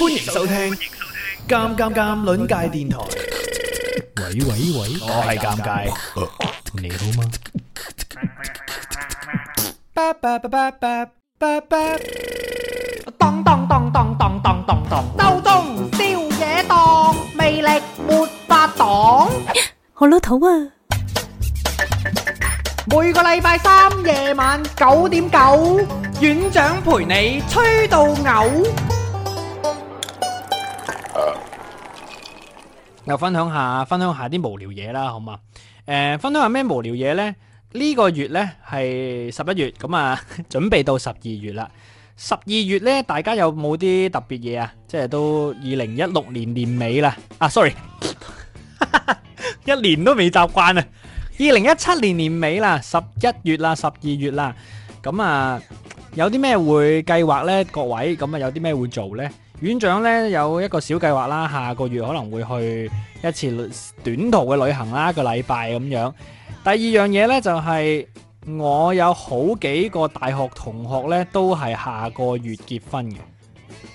歡迎收聽《尷尷尷》鄰界電台。喂喂喂，我係尷尬，你好嗎？當當當當當當當當，當當，挑嘢當，魅力沒法擋。我老土啊！每個禮拜三夜晚九點九，院長陪你吹到嘔。又分享下，分享下啲無聊嘢啦，好嘛？誒，分享下咩無聊嘢呢？呢個月呢，係十一月，咁啊，準備到十二月啦。十二月呢，大家有冇啲特別嘢啊？即係都二零一六年年尾啦。啊，sorry，一年都未習慣啊！二零一七年年尾啦，十一月啦，十二月啦，咁啊，有啲咩會計劃呢？各位，咁啊，有啲咩會做呢？院長呢有一個小計劃啦，下個月可能會去一次短途嘅旅行啦，一個禮拜咁樣。第二樣嘢呢就係、是、我有好幾個大學同學呢都係下個月結婚嘅，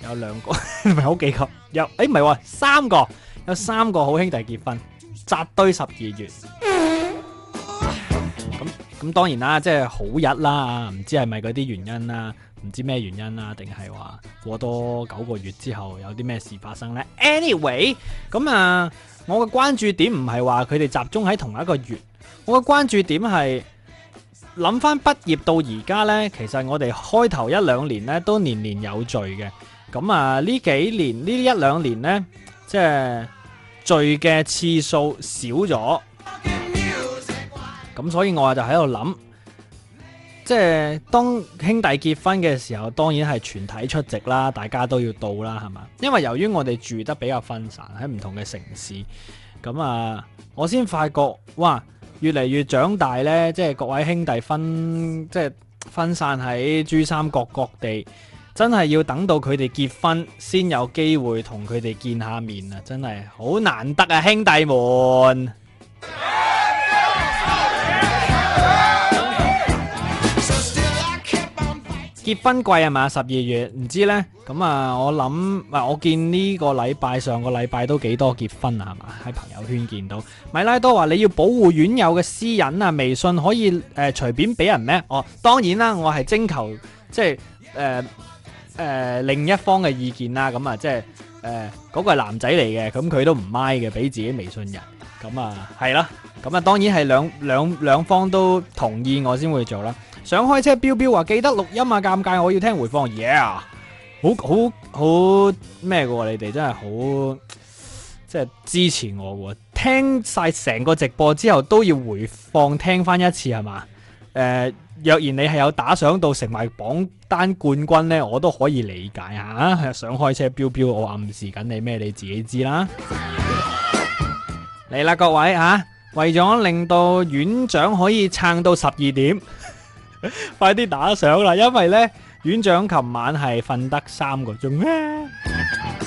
有兩個唔係好幾個，有誒唔係三個，有三個好兄弟結婚紮堆十二月。咁 咁當然啦，即係好日啦，唔知係咪嗰啲原因啦。唔知咩原因啦，定係話過多九個月之後有啲咩事發生呢？Anyway，咁啊，我嘅關注點唔係話佢哋集中喺同一個月，我嘅關注點係諗翻畢業到而家呢，其實我哋開頭一兩年呢都年年有聚嘅，咁啊呢幾年呢一兩年呢，即係聚嘅次數少咗，咁所以我啊就喺度諗。即係當兄弟結婚嘅時候，當然係全體出席啦，大家都要到啦，係嘛？因為由於我哋住得比較分散喺唔同嘅城市，咁啊，我先發覺哇，越嚟越長大呢，即係各位兄弟分即係分散喺珠三角各地，真係要等到佢哋結婚先有機會同佢哋見下面啊！真係好難得啊，兄弟們。結婚季係嘛？十二月唔知呢。咁啊，我諗，唔我見呢個禮拜、上個禮拜都幾多結婚啊，係嘛？喺朋友圈見到，米拉多話你要保護現有嘅私隱啊，微信可以誒隨便俾人咩？哦，當然啦，我係徵求即係誒誒另一方嘅意見啦。咁啊，即係誒嗰個係男仔嚟嘅，咁佢都唔 mind 嘅，俾自己微信人，咁啊係啦，咁啊當然係兩兩兩方都同意，我先會做啦。想開車飆飆話記得錄音啊！尷尬，我要聽回放。yeah，好好好咩嘅喎？你哋真係好即係支持我喎，啊！聽晒成個直播之後都要回放聽翻一次係嘛？誒、呃，若然你係有打賞到成埋榜單冠軍呢，我都可以理解嚇。想、啊、開車飆飆，我暗示緊你咩？你自己知啦。嚟啦， 各位啊，為咗令到院長可以撐到十二點。 快啲打賞啦！因為呢，院長琴晚係瞓得三個鐘呢、啊、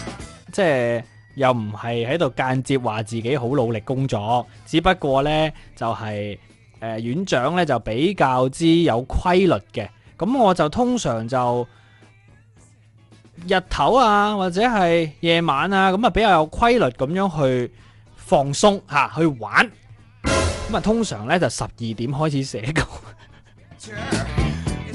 即係又唔係喺度間接話自己好努力工作，只不過呢就係、是、誒、呃，院長呢就比較之有規律嘅。咁我就通常就日頭啊，或者係夜晚啊，咁啊比較有規律咁樣去放鬆吓、啊，去玩。咁啊，通常呢，就十二點開始寫稿。 咁、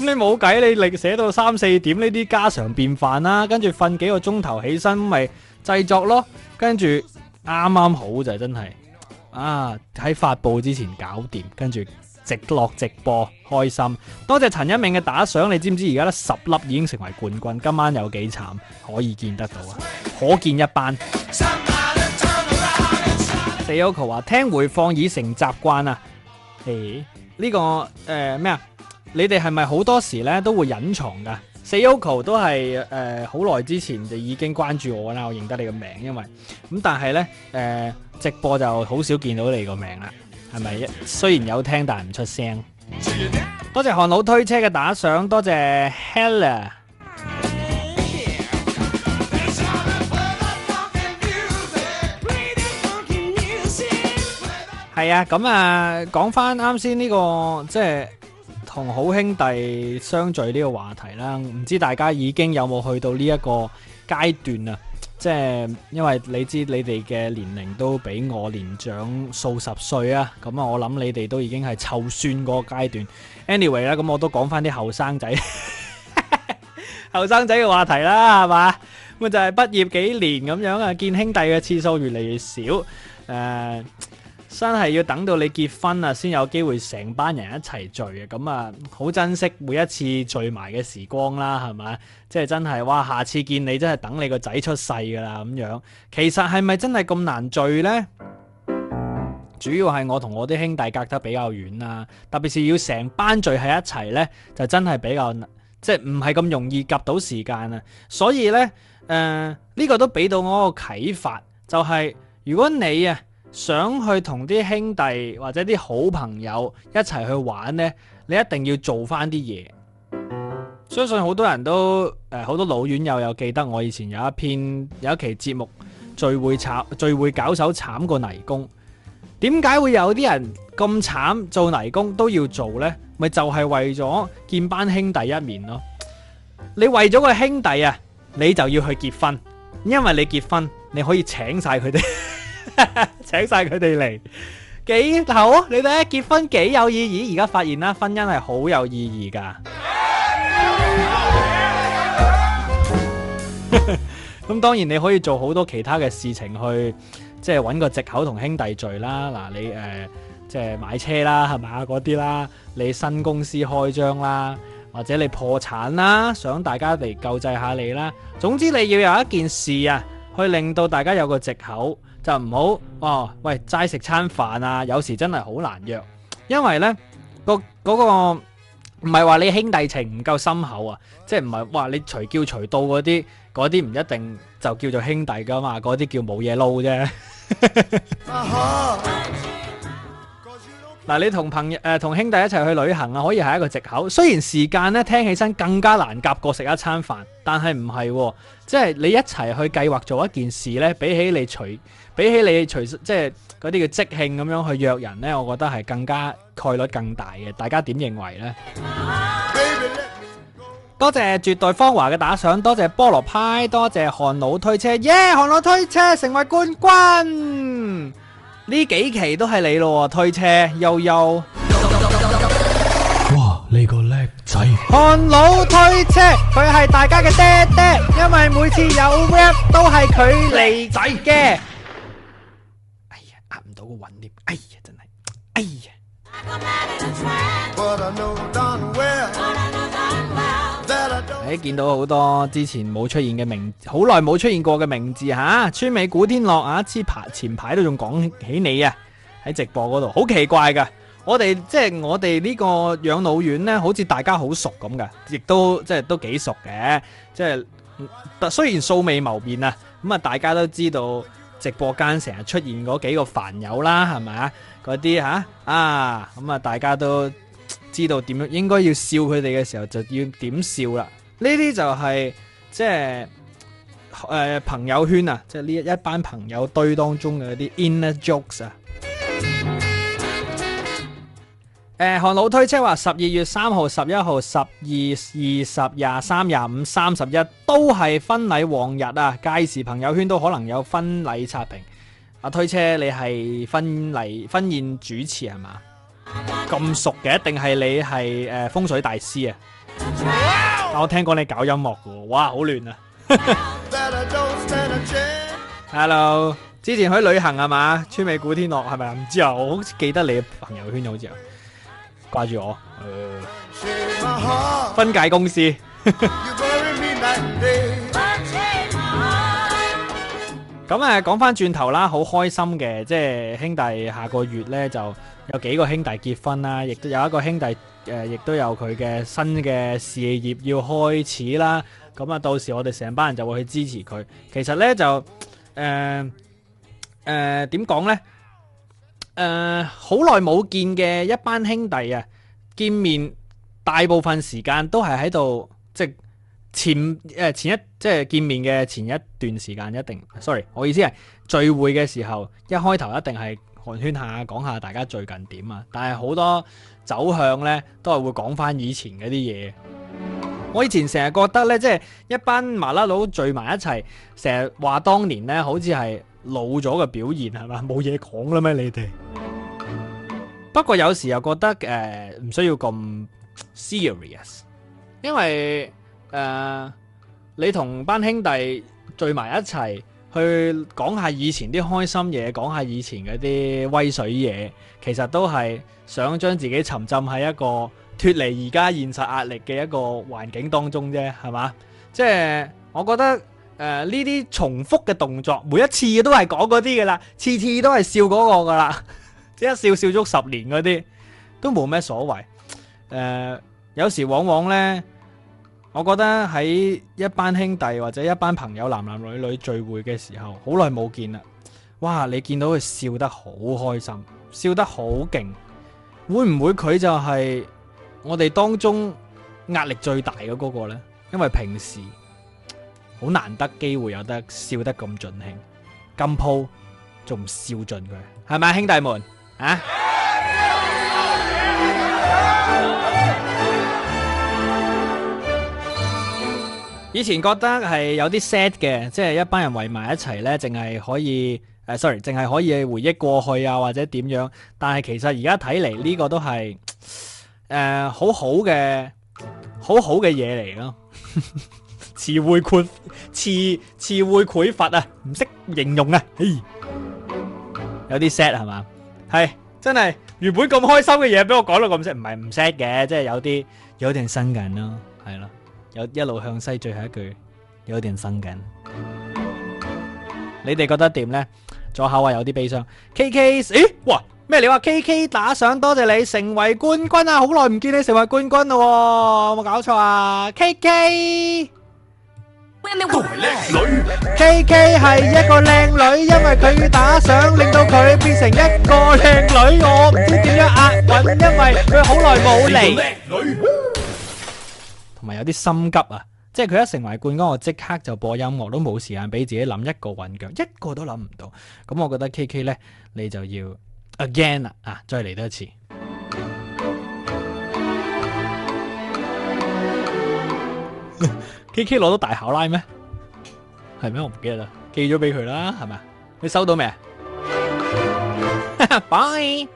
嗯、你冇計，你力寫到三四點呢啲家常便飯啦，跟住瞓幾個鐘頭起身，咪製作咯。跟住啱啱好就真係啊！喺發布之前搞掂，跟住直落直播，開心。多謝陳一鳴嘅打賞，你知唔知而家得十粒已經成為冠軍，今晚有幾慘可以見得到啊？可見一斑。 四 o c 話聽回放已成習慣啊！誒、欸、呢、這個誒咩啊？呃你哋係咪好多時咧都會隱藏噶？Sayoko 都係誒好耐之前就已經關注我啦，我認得你個名，因為咁但係咧誒直播就好少見到你個名啦，係咪？雖然有聽，但係唔出聲。多謝韓佬推車嘅打賞，多謝 Hella。係啊，咁啊講翻啱先呢個即係。同好兄弟相聚呢個話題啦，唔知大家已經有冇去到呢一個階段啊？即係因為你知你哋嘅年齡都比我年長數十歲啊，咁啊我諗你哋都已經係湊孫嗰個階段。Anyway 啦，咁我都講翻啲後生仔後生仔嘅話題啦，係嘛？咁啊就係畢業幾年咁樣啊，見兄弟嘅次數越嚟越少誒。真係要等到你結婚啊先有機會成班人一齊聚啊咁啊！好珍惜每一次聚埋嘅時光啦，係咪？即係真係哇！下次見你真係等你個仔出世噶啦咁樣。其實係咪真係咁難聚呢？ 主要係我同我啲兄弟隔得比較遠啦，特別是要成班聚喺一齊呢，就真係比較即係唔係咁容易夾到時間啊。所以呢，誒呢個都俾到我個啟發，就係如果你啊～想去同啲兄弟或者啲好朋友一齊去玩呢，你一定要做翻啲嘢。相信好多人都誒，好多老院友有記得我以前有一篇有一期節目聚會慘，聚會搞手慘過泥工。點解會有啲人咁慘做泥工都要做呢？咪就係為咗見班兄弟一面咯。你為咗個兄弟啊，你就要去結婚，因為你結婚你可以請晒佢哋。 請晒佢哋嚟幾好，你哋結婚幾有意義？而家發現啦，婚姻係好有意義噶。咁 當然你可以做好多其他嘅事情去，即係揾個借口同兄弟聚啦。嗱，你、呃、誒，即係買車啦，係咪？嗰啲啦，你新公司開張啦，或者你破產啦，想大家嚟救濟下你啦。總之你要有一件事啊，去令到大家有個借口。就唔好哦，喂，齋食餐飯啊。有時真係好難約，因為呢，嗰、嗰個唔係話你兄弟情唔夠深厚啊，即係唔係話你隨叫隨到嗰啲嗰啲唔一定就叫做兄弟噶嘛，嗰啲叫冇嘢撈啫。嗱、啊 啊，你同朋友同、呃、兄弟一齊去旅行啊，可以係一個藉口。雖然時間呢聽起身更加難夾過食一餐飯，但係唔係，即、就、係、是、你一齊去計劃做一件事呢，比起你隨比起你隨即係嗰啲叫即興咁樣去約人呢，我覺得係更加概率更大嘅。大家點認為呢？多謝絕代芳華嘅打賞，多謝菠蘿派，多謝韓老推車，耶！韓老推車成為冠軍，呢幾期都係你咯喎，推車悠悠。Yo, Yo. No, no, no, no, no. 哇！你個叻仔，韓老推車佢係大家嘅爹爹，因為每次有 rap 都係佢嚟仔嘅。搵掂！哎呀，真係，哎呀！喺見到好多之前冇出現嘅名，好耐冇出現過嘅名字吓、啊，村美古天樂啊，前排都仲講起你啊，喺直播嗰度、就是，好奇怪噶！我哋即係我哋呢個養老院咧，好似大家好熟咁嘅，亦都即係都幾熟嘅，即、就、係、是，雖然素未謀面啊，咁啊，大家都知道。直播間成日出現嗰幾個凡友啦，係咪啊？嗰啲吓？啊，咁啊、嗯，大家都知道點樣應該要笑佢哋嘅時候就要點笑啦。呢啲就係、是、即係誒、呃、朋友圈啊，即係呢一班朋友堆當中嘅嗰啲 inner jokes 啊。 誒，韓老推車話十二月三號、十一號、十二、二十、廿三、廿五、三十一都係婚禮旺日啊！屆時朋友圈都可能有婚禮刷屏。阿推車你是，你係婚禮婚宴主持係嘛？咁熟嘅，一定係你係誒、呃、風水大師啊！但、嗯、我聽講你搞音樂嘅，哇，好亂啊 ！Hello，之前去旅行係嘛？川美古天樂係咪啊？唔知啊，我好似記得你嘅朋友圈好似啊。掛住我、嗯，分解公司。咁啊，講返轉頭啦，好 開心嘅，即係兄弟下個月呢，就有幾個兄弟結婚啦，亦都有一個兄弟誒，亦、呃、都有佢嘅新嘅事業要開始啦。咁啊，到時我哋成班人就會去支持佢。其實呢，就誒誒，點、呃、講、呃、呢？誒好耐冇見嘅一班兄弟啊，見面大部分時間都係喺度，即係前誒前一即係見面嘅前一段時間一定，sorry，我意思係聚會嘅時候，一開頭一定係寒暄下，講下大家最近點啊，但係好多走向呢，都係會講翻以前嗰啲嘢。我以前成日覺得呢，即係一班麻甩佬聚埋一齊，成日話當年呢好似係。.老咗嘅表現係嘛？冇嘢講啦咩？你哋，不過有時又覺得誒，唔需要咁 serious，因為誒、呃，你同班兄弟聚埋一齊去講下以前啲開心嘢，講下以前嗰啲威水嘢，其實都係想將自己沉浸喺一個脫離而家現實壓力嘅一個環境當中啫，係嘛？即係我覺得。誒、呃，呢啲重複嘅動作，每一次都係講嗰啲噶啦，次次都係笑嗰個噶啦，即一笑笑足十年嗰啲，都冇咩所謂。誒、呃，有時往往呢，我覺得喺一班兄弟或者一班朋友男男女女聚會嘅時候，好耐冇見啦，哇！你見到佢笑得好開心，笑得好勁，會唔會佢就係我哋當中壓力最大嘅嗰個呢？因為平時。好難得機會有得笑得咁盡興，今鋪仲笑盡佢，係咪兄弟們啊？ 以前覺得係有啲 sad 嘅，即係一班人圍埋一齊呢，淨係可以、呃、sorry 淨係可以回憶過去啊，或者點樣？但係其實而家睇嚟呢個都係誒、呃、好好嘅好好嘅嘢嚟咯。呵呵詞彙匱詞詞彙匱乏啊，唔識形容啊，有啲 sad 係嘛，係真係原本咁開心嘅嘢，俾我講到咁 sad，唔係唔 sad 嘅，即係有啲有一定生緊咯，係啦，有一路向西最後一句有一定生緊，你哋覺得呢說點咧？左口位有啲悲傷。K K，誒，哇咩？你話 K K 打賞多謝你成為冠軍啊，好耐唔見你成為冠軍咯、哦，有冇搞錯啊？K K。KK K K 係一個靚女，因為佢打賞令到佢變成一個靚女，我唔知點樣押韻，因為佢好耐冇嚟，同埋有啲心急啊！即係佢一成為冠軍，我即刻就播音樂，都冇時間俾自己諗一個韻腳，一個都諗唔到。咁我覺得 K K 呢，你就要 again 啦啊，再嚟多一次。K K 攞到大考拉咩？係咩？我唔記得啦。寄咗俾佢啦，係咪？你收到未啊？Bye。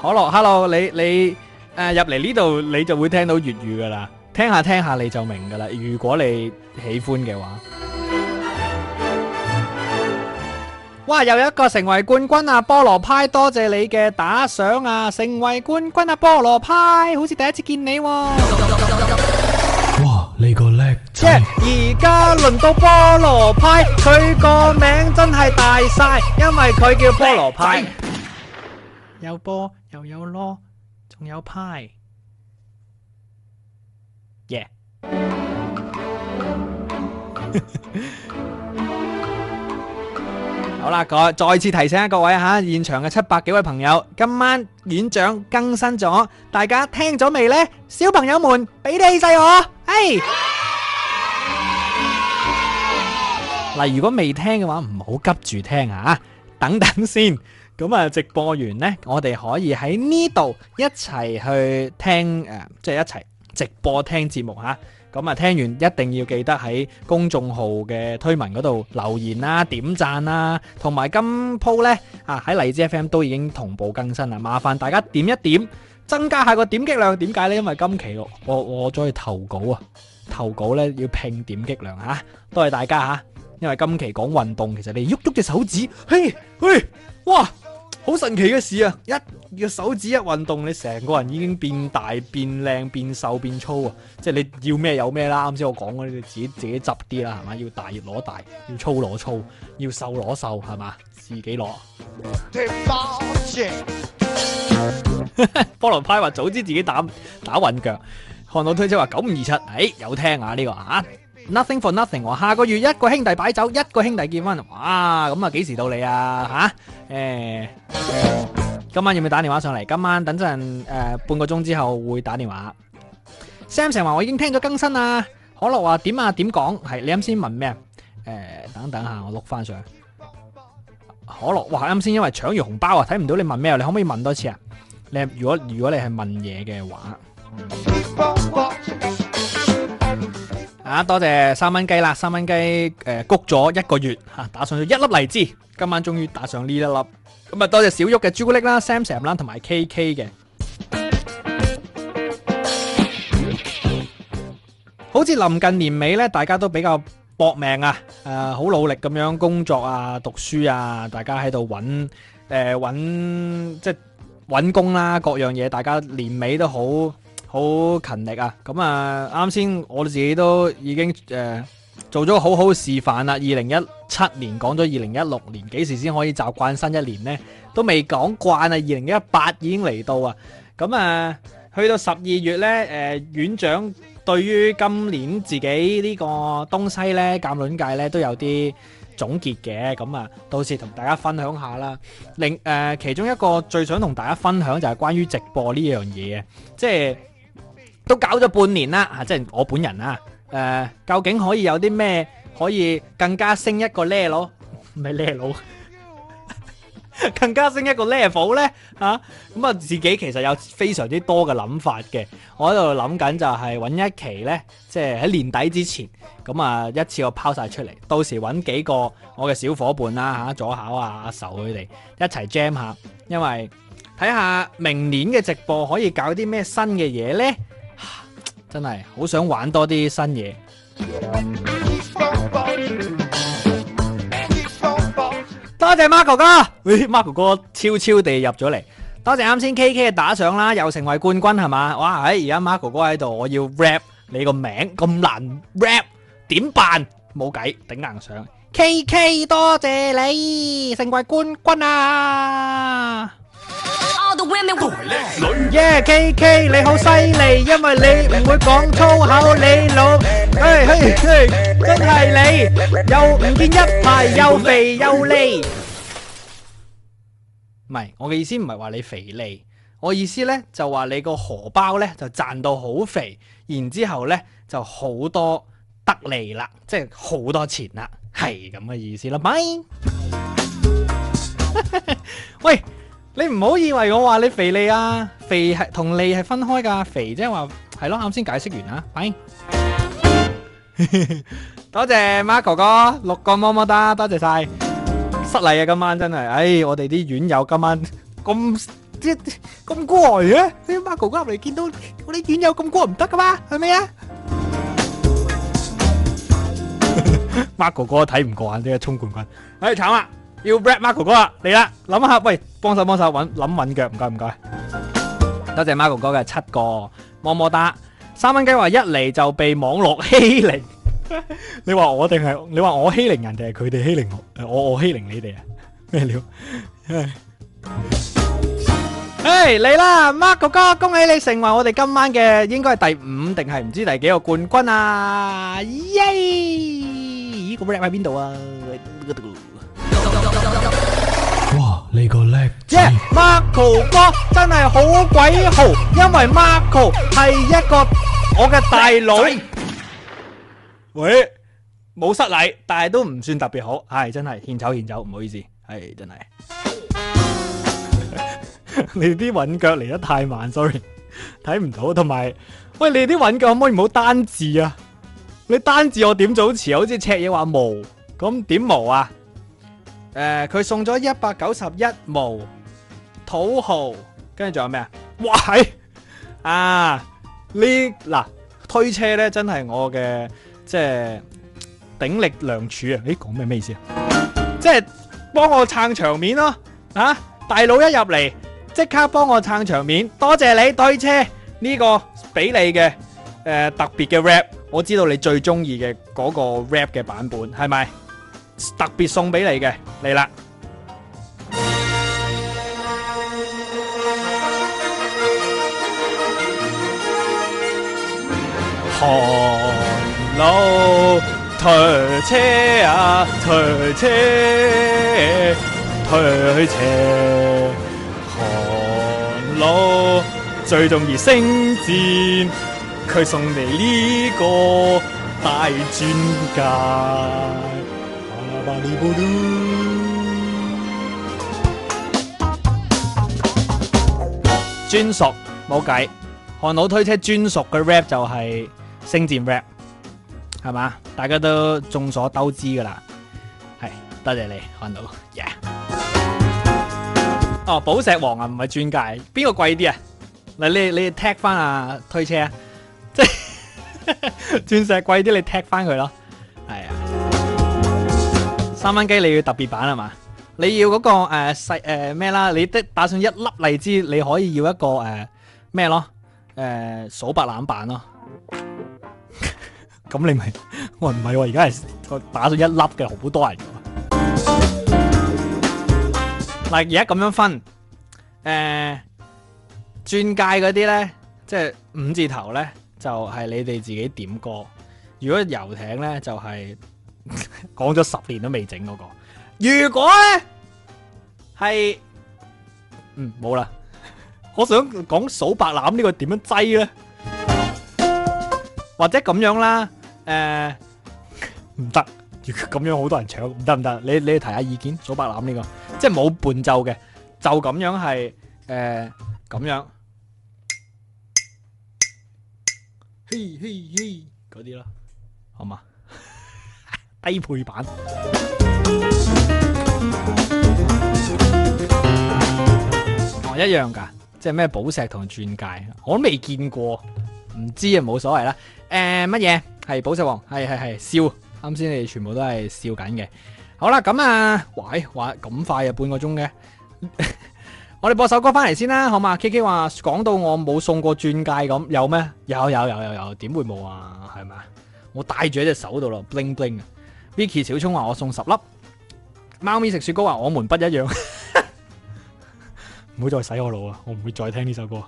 可樂，Hello，你你誒入嚟呢度，你就會聽到粵語噶啦。聽下聽下，你就明噶啦。如果你喜歡嘅話，哇！又一個成為冠軍啊，菠蘿派，多謝你嘅打賞啊！成為冠軍啊，菠蘿派，好似第一次見你，啊。 耶！而家輪到菠蘿派，佢個名真係大晒，因為佢叫菠蘿派。有波又有籮，仲有派。耶！好啦，我再次提醒下各位吓，現場嘅七百幾位朋友，今晚院長更新咗，大家聽咗未呢？小朋友們俾啲氣勢我，哎、欸！嗱、啊，如果未聽嘅話，唔好急住聽啊，等等先。咁啊，直播完呢，我哋可以喺呢度一齊去聽誒，即係一齊直播聽節目吓。咁啊，聽完一定要記得喺公眾號嘅推文嗰度留言啦、點讚啦，同埋今鋪呢啊喺荔枝 FM 都已經同步更新啦，麻煩大家點一點，增加下個點擊量。點解呢？因為今期我我我再投稿啊，投稿呢要拼點擊量啊！多謝大家嚇，因為今期講運動，其實你喐喐隻手指，嘿，嘿，哇！好神奇嘅事啊！一個手指一運動，你成個人已經變大、變靚、變瘦、變粗啊！即係你要咩有咩啦，啱先我講嘅，你自己自己執啲啦，係嘛？要大攞大，要粗攞粗，要瘦攞瘦，係嘛？自己攞 。波羅派話：早知自己打打韻腳。看到推車話九五二七，誒有聽啊呢個啊！Nothing for nothing。下個月一個兄弟擺酒，一個兄弟結婚。哇，咁啊，幾時到你啊？吓、啊，誒、欸欸，今晚有冇打電話上嚟？今晚等陣誒、呃，半個鐘之後會打電話。Sam 成話我已經聽咗更新啦。可樂話點啊？點講？係你啱先問咩？誒、欸，等等下我碌翻上。可樂，哇！啱先因為搶完紅包啊，睇唔到你問咩？你可唔可以問多次啊？你如果如果你係問嘢嘅話。嗯啊！多謝三蚊雞啦，三蚊雞誒，谷、呃、咗一個月吓、啊，打上咗一粒荔枝，今晚終於打上呢一粒。咁啊，多謝小玉嘅朱古力啦，Sam Sam 啦，同埋 K K 嘅。好似臨近年尾咧，大家都比較搏命啊，誒、呃，好努力咁樣工作啊，讀書啊，大家喺度搵誒搵即係搵工啦、啊，各樣嘢，大家年尾都好。好勤力啊！咁啊，啱先我自己都已經、呃、做咗好好示範啦。二零一七年講咗二零一六年幾時先可以習慣新一年呢？都未講慣啊。二零一八已經嚟到啊！咁啊，去到十二月呢、呃，院長對於今年自己呢個東西呢，鑑論界呢都有啲總結嘅。咁啊，到時同大家分享下啦。另、呃、其中一個最想同大家分享就係關於直播呢樣嘢，即係。都搞咗半年啦、啊，即係我本人啊，誒、呃，究竟可以有啲咩可以更加升一個 level？唔係 level，更加升一個 level 咧，吓，咁啊！我自己其實有非常之多嘅諗法嘅，我喺度諗緊就係搵一期咧，即係喺年底之前，咁啊一次我拋晒出嚟，到時搵幾個我嘅小伙伴啦，吓、啊、左考啊阿、啊、仇佢哋一齊 jam 一下，因為睇下明年嘅直播可以搞啲咩新嘅嘢咧。真係好想玩多啲新嘢，哎，多謝 Mark 哥哥，Mark 哥哥悄悄地入咗嚟，多謝啱先 KK 打賞啦，又成為冠軍係嘛？哇唉，而家 Mark 哥哥喺度，我要 rap 你個名咁難 rap 點辦？冇計，頂硬上，KK 多謝你，成為冠軍啊！耶 KK 你好犀利，因為你唔會講粗口，你老，哎嘿嘿，真係你又唔見一排又肥又利。唔係，我嘅意思唔係話你肥利，我意思呢就話你個荷包呢就賺到好肥，然之後咧就好多得利啦，即係好多錢啦，係咁嘅意思啦，咪。 喂。你唔好以為我話你肥膩啊，肥係同膩係分開噶，肥即係話係咯，啱先解釋完啦，拜。多謝孖哥哥六個麼麼噠，多謝晒，失禮啊今晚真係，唉我哋啲院友今晚咁即係咁攰啊，你孖哥哥入嚟見到我啲院友咁攰唔得噶嘛，係咪啊？孖哥哥睇唔過眼呢個衝冠軍，唉慘啊！要 rap Mark 哥哥啊，嚟啦！諗下，喂，幫手幫手，搵諗搵腳，唔該唔該，多謝，謝 Mark 哥哥嘅七個麼么噠。三蚊雞話一嚟就被網絡欺凌， 你話我定係你話我欺凌人哋，係佢哋欺凌、呃、我？我我欺凌你哋啊？咩料？誒、 hey，嚟啦，Mark 哥哥，恭喜你成為我哋今晚嘅應該係第五定係唔知第幾個冠軍啊！耶、yeah!！呢個 rap 喺邊度啊？呢個叻啫、yeah,，Marco 哥真係好鬼豪，因為 Marco 係一個我嘅大佬。喂，冇失禮，但係都唔算特別好，唉、哎，真係獻醜獻醜，唔好意思，係、哎、真係。 你啲韻腳嚟得太慢，sorry，睇唔到，同埋喂，你啲韻腳可唔可以唔好單字啊？你單字我點組詞啊？好似赤嘢話毛，咁點毛啊？誒、呃，佢送咗一百九十一毛，土豪，跟住仲有咩、哎、啊？哇啊！呢嗱推車咧，真係我嘅即係鼎力良助啊！誒、哎，講咩咩意思啊？即係幫我撐場面咯，啊大佬一入嚟即刻幫我撐場面，多謝你推車呢、呢個俾你嘅誒、呃、特別嘅 rap，我知道你最中意嘅嗰個 rap 嘅版本係咪？特別送俾你嘅，嚟啦！寒老推車啊，推車，啊，推車。寒老最中意星戰，佢送嚟呢個大專家專屬冇計，韓導推車專屬嘅 rap 就係星戰 rap，係嘛？大家都眾所周知噶啦，係多謝你，韓導，yeah。哦，寶石王啊，唔係鑽戒，邊個貴啲啊？嗱，你你踢翻阿推車啊，即係鑽石貴啲，你踢翻佢咯。三蚊雞你要特別版係嘛？你要嗰、那個誒細誒咩啦？你的打算一粒荔枝，你可以要一個誒咩咯？誒、呃、數、呃、白欖版咯。咁 你咪我唔係喎，而家係打算一粒嘅，好多人。嗱，而家咁樣分誒，鑽戒嗰啲咧，即係五字頭咧，就係、是、你哋自己點歌。如果遊艇咧，就係、是。講咗十年都未整嗰個，如果咧係嗯冇啦，我想講數白欖呢個點樣擠咧？或者咁樣啦，誒唔得，咁樣好多人搶，唔得，唔得。你你提下意見，數白欖呢個，即係冇伴奏嘅，就咁樣係誒咁樣，嘿嘿嘿，嗰啲啦，好嘛？低配版，哦，我一樣噶，即係咩寶石同鑽戒，我都未見過，唔知啊，冇所謂啦。誒、呃，乜嘢係寶石王？係係係笑，啱先你哋全部都係笑緊嘅。好啦，咁啊，喂，話咁快啊，半個鐘嘅， 我哋播首歌翻嚟先啦，好嘛？K K 話講到我冇送過鑽戒咁，有咩？有有有有有，點會冇啊？係咪啊？我戴住喺隻手度咯，bling bling 啊！Vicky 小聰話我送十粒，貓咪食雪糕話我們不一樣，唔好再洗我腦啊！我唔會再聽呢首歌，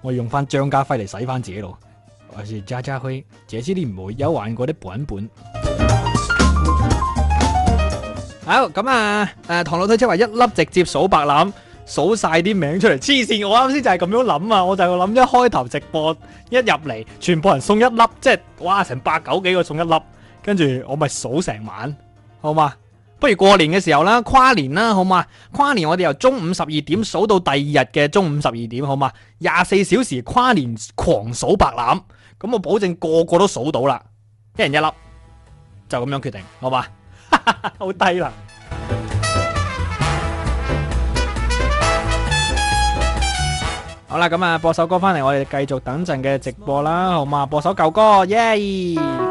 我用翻張家輝嚟洗翻自己腦，我係渣渣輝，這支你唔會有玩過啲版本。好咁啊！誒，唐老太即係話一粒直接數白欖，數晒啲名出嚟。黐線，我啱先就係咁樣諗啊！我就諗一開頭直播一入嚟，全部人送一粒，即係哇成八九幾個送一粒。跟住我咪數成晚，好嘛？不如過年嘅時候啦，跨年啦，好嘛？跨年我哋由中午十二點數到第二日嘅中午十二點，好嘛？廿四小時跨年狂數白欖，咁我保證個個都數到啦，一人一粒，就咁樣決定，好嘛？好低啦！好啦，咁啊播首歌翻嚟，我哋繼續等陣嘅直播啦，好嘛？播首舊歌，耶、yeah!！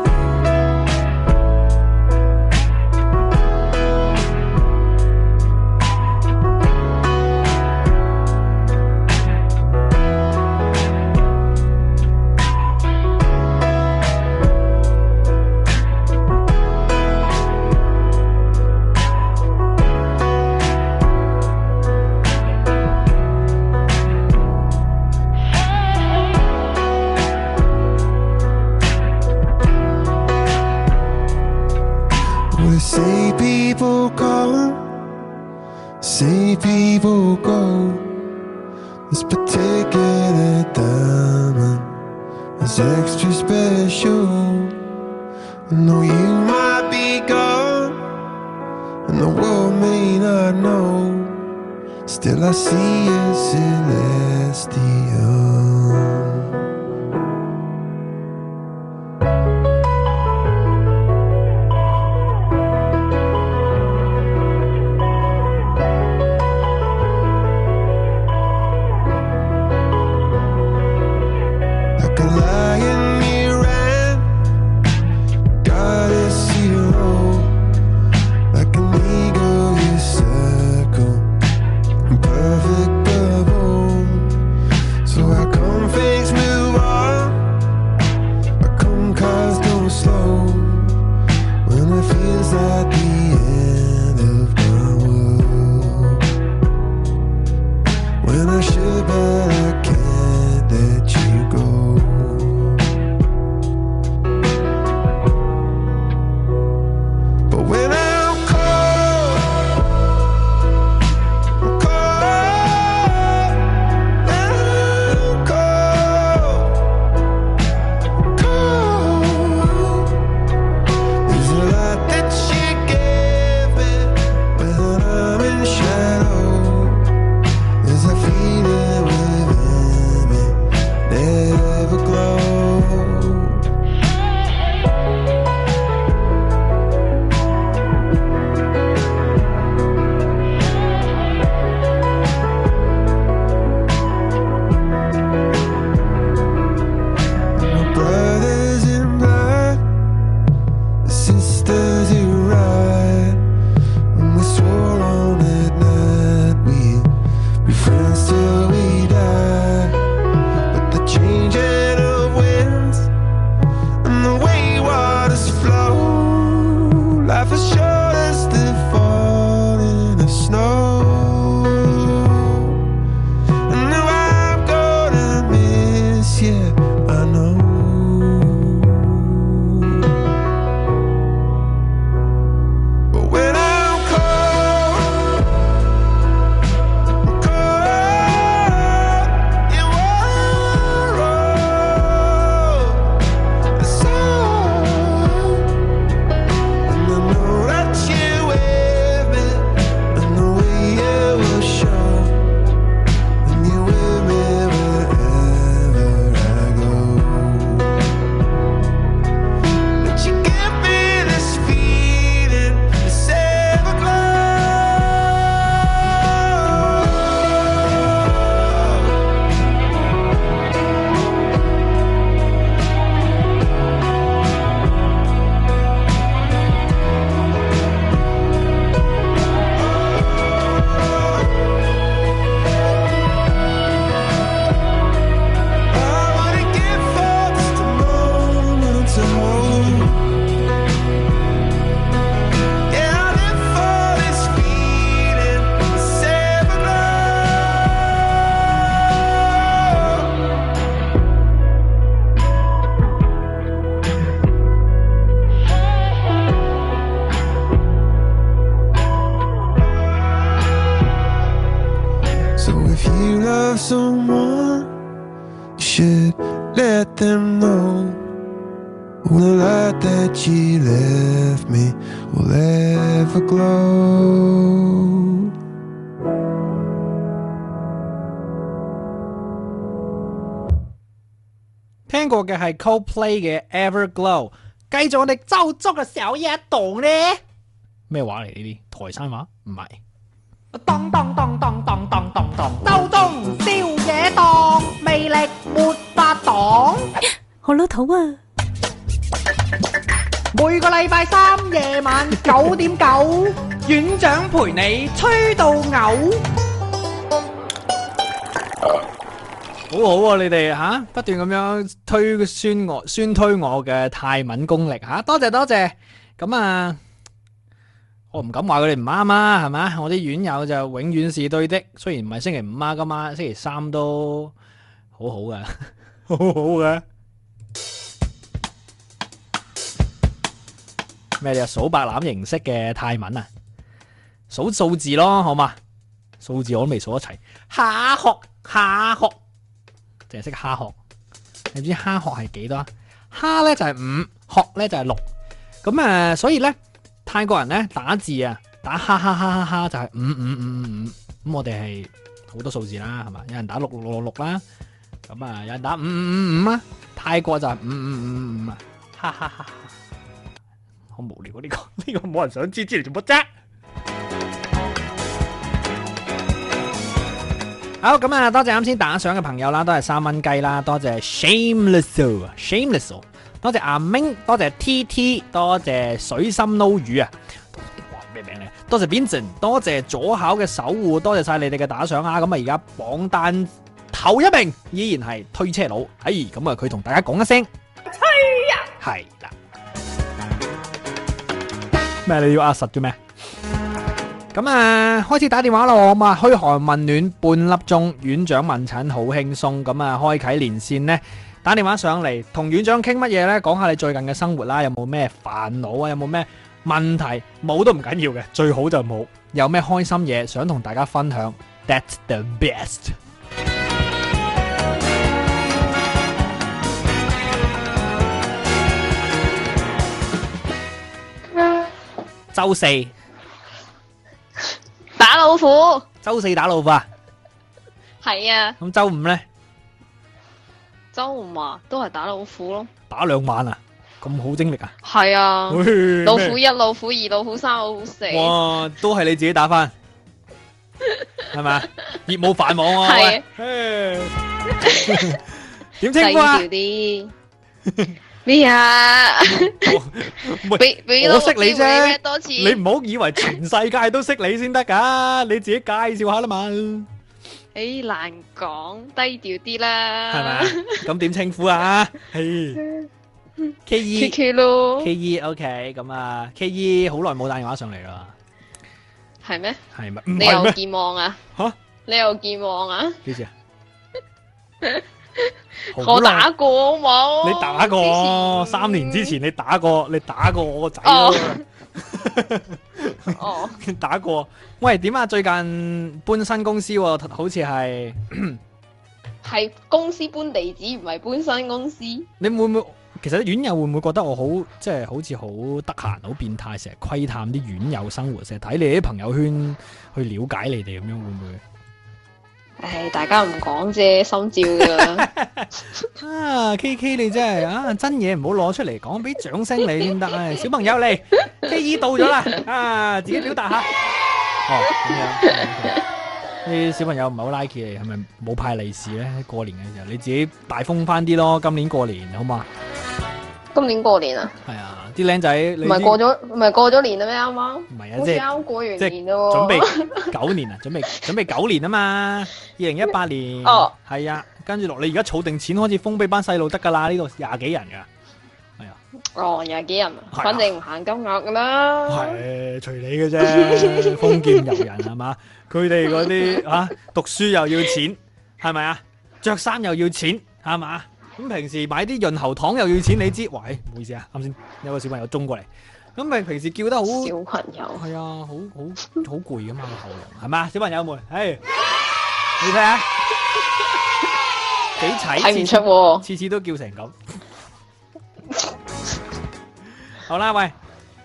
Coldplay 嘅 Everglow，繼續我哋周中嘅宵夜檔咧。咩話嚟？呢啲台山話唔係。咚咚咚咚咚咚咚咚，周中宵夜檔魅力沒法擋。好老土啊！每個禮拜三夜晚九點九，院長陪你吹到嘔。好好喎、啊，你哋吓、啊，不斷咁樣推宣我，宣推我嘅泰文功力吓、啊，多謝多謝。咁啊，我唔敢話佢哋唔啱啊，係咪？我啲院友就永遠是對的，雖然唔係星期五啊，今晚星期三都好好噶，好好嘅。咩你啊？數白欖形式嘅泰文啊？數數字咯，好嘛？數字我都未數得齊。下學下學。淨係識蝦殼，你知蝦殼係幾多？蝦咧就係五，殼咧就係六。咁、呃、啊，所以咧泰國人咧打字啊，打哈哈哈哈哈就係五五五五五。咁我哋係好多數字啦，係嘛？有人打六六六六啦，咁、呃、啊有人打五五五五啊。泰國就五五五五啊，哈哈哈哈。好無聊啊！呢個呢個冇人想知，知嚟做乜啫？好咁啊！多謝啱先打賞嘅朋友啦，都係三蚊雞啦，多謝 Shameless，Shameless，Shameless 多謝阿明，多謝 TT，多謝水深撈魚啊，哇咩名嚟？多謝 Vincent，多謝左考嘅守護，多謝晒你哋嘅打賞啊！咁啊，而家榜單頭一名依然係推車佬，哎，咁啊，佢同大家講一聲，係啊，係啦，咩你要壓實嘅咩？咁啊，開始打電話咯，我啊嘛，噓寒問暖半粒鐘，院長問診好輕鬆。咁啊，開啟連線呢，打電話上嚟，同院長傾乜嘢呢？講下你最近嘅生活啦，有冇咩煩惱啊？有冇咩問題？冇都唔緊要嘅，最好就冇。有咩開心嘢想同大家分享，That's the best。週四。打老虎，周四打老虎啊，係啊。咁周五咧？周五啊，都係打老虎咯。打兩晚啊，咁好精力啊？係啊。 老虎一，老虎二，老虎三，老虎四。哇，都係你自己打翻，係 咪？業務繁忙啊，係啊 啊點聽啩？細啲。咩啊？俾俾我識你啫！你唔好以為全世界都識你先得噶，你自己介紹下啦嘛？誒，難講，低調啲啦。係咪啊？咁點稱呼啊？K E K K 咯，K E OK。咁啊，K E 好耐冇打電話上嚟啦。係咩？係咪？你又健忘啊？吓！你又健忘啊？幾時啊？好，我打過好冇？你打過，三年之前你打過，你打過我個仔哦，oh. 打過。喂，點啊？最近搬新公司喎，好似係係公司搬地址，唔係搬新公司。你會唔會？其實，院友會唔會覺得我、就是、好即係好似好得閒、好變態，成日窺探啲院友生活，成日睇你啲朋友圈去了解你哋咁樣，會唔會？唉，大家唔講啫，心照噶。 啊，K K，你真係啊，真嘢唔好攞出嚟講，俾掌聲你先得。小朋友嚟，K E 到咗啦，啊，自己表達下。哦、啊，咁、嗯、樣。啲、嗯嗯嗯嗯嗯嗯、小朋友唔係好 like 你，係咪冇派利是咧？過年嘅時候，你自己大封翻啲咯，今年過年好嘛？今年過年啊？係啊，啲靚仔唔係過咗，唔係過咗年啦咩啱啱？唔係啊，即係啱過完即係準備九年啊， 準備準備九年啊嘛，二零一八年哦，係啊，跟住落你而家儲定錢，開始封俾班細路得噶啦，呢度廿幾人噶係啊，哦廿幾人，反正唔限金額噶啦，係隨你嘅啫， 封建遊人係嘛？佢哋嗰啲啊讀書又要錢，係咪啊？着衫又要錢，係嘛？咁平時買啲潤喉糖又要錢，你知？喂，唔好意思啊，啱先有個小朋友中過嚟，咁咪平時叫得好，小朋友係啊，好好好攰㗎嘛，喉嚨係嘛？小朋友們，係你睇下幾齊，睇唔出喎，次次都叫成咁。好啦，喂，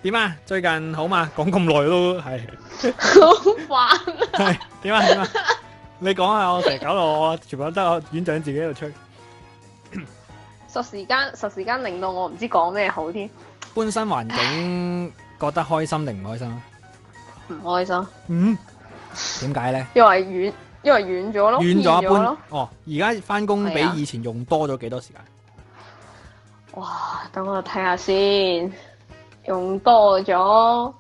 點啊？最近好嘛？講咁耐都係，好煩。係點啊？點啊？你講下，我成日搞到我全部都得我院長自己喺度吹。霎時間，霎時間令到我唔知講咩好添。搬新環境覺得開心定唔開心？唔 開心。嗯？點解咧？因為遠，因為遠咗咯。遠咗一般咯。哦，而家翻工比以前用多咗幾多時間？哇！等我睇下先，用多咗。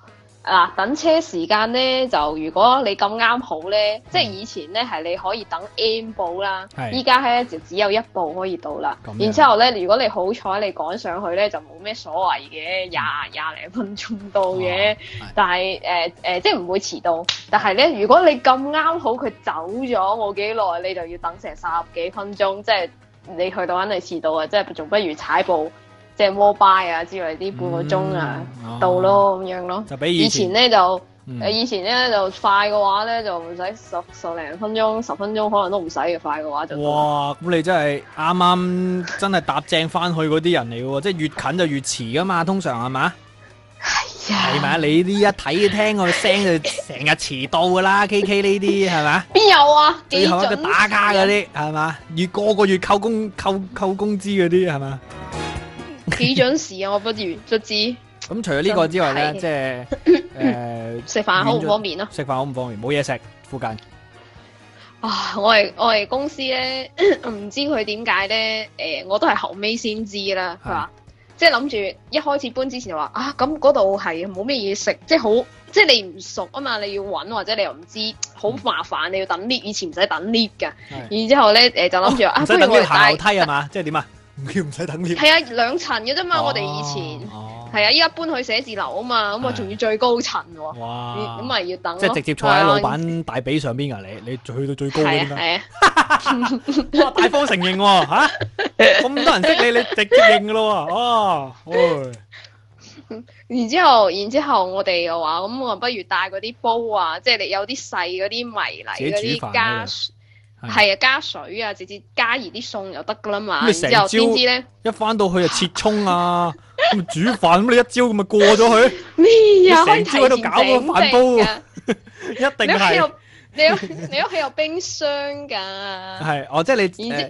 嗱、啊，等車時間咧就如果你咁啱好咧、嗯，即係以前咧係你可以等 N 部啦，依家咧就只有一部可以到啦。然之後咧，如果你好彩你趕上去咧，就冇咩所謂嘅，廿廿零分鐘到嘅、嗯。但係、呃呃呃、即係唔會遲到。但係咧，如果你咁啱好佢走咗冇幾耐，你就要等成十幾分鐘，即係你去到肯定遲到啊！即係仲不如踩步。借摩拜啊，之類啲半個鐘啊到咯咁樣咯。就比以前咧就誒以前咧就快嘅話咧就唔使十十零分鐘、十分鐘可能都唔使嘅。快嘅話就哇！咁你真係啱啱真係搭正翻去嗰啲人嚟喎，即係越近就越遲㗎嘛，通常係嘛？係啊，係咪啊？你呢一睇聽個聲就成日遲到㗎啦，K K 呢啲係嘛？邊有啊？幾準？打卡嗰啲係嘛？越個個月扣工扣扣工資嗰啲係嘛？幾 準時啊！我不如卒知道。咁除咗呢個之外咧，是即係誒，食飯好唔方便咯。食飯好唔方便，冇嘢食附近。啊！我係我係公司咧，唔 知佢點解咧？誒、呃，我都係後尾先知啦。佢話，即係諗住一開始搬之前就話啊，咁嗰度係冇咩嘢食，即係好即係你唔熟啊嘛，你要揾或者你又唔知，好麻煩，你要等 lift，以前唔使等 lift 噶。然之後咧，誒就諗住、哦、啊，唔使等 lift，行樓梯係嘛？ 即係點啊？唔唔使等嘅。係啊，兩層嘅啫嘛，我哋以前係啊，依家、啊、搬去寫字樓啊嘛，咁我仲要最高層喎。哇！咁咪要等。即係直接坐喺老闆大髀上邊啊，啊！你你去到最高先得。我、啊啊、 大方承認吓，咁、啊、 多人識你，你直接認嘅咯喎。啊，然之後，然之後我哋嘅話，咁我唔不如帶嗰啲煲啊，即係你有啲細嗰啲迷你嗰啲家。那個係啊，加水啊，直接加熱啲餸就得噶啦嘛。你成朝呢一翻到去就切蔥啊，咁 煮飯咁你一朝咁咪過咗佢。咩啊？喺度搞前飯煲噶，一定係。你屋你屋企有冰箱噶。係哦，即係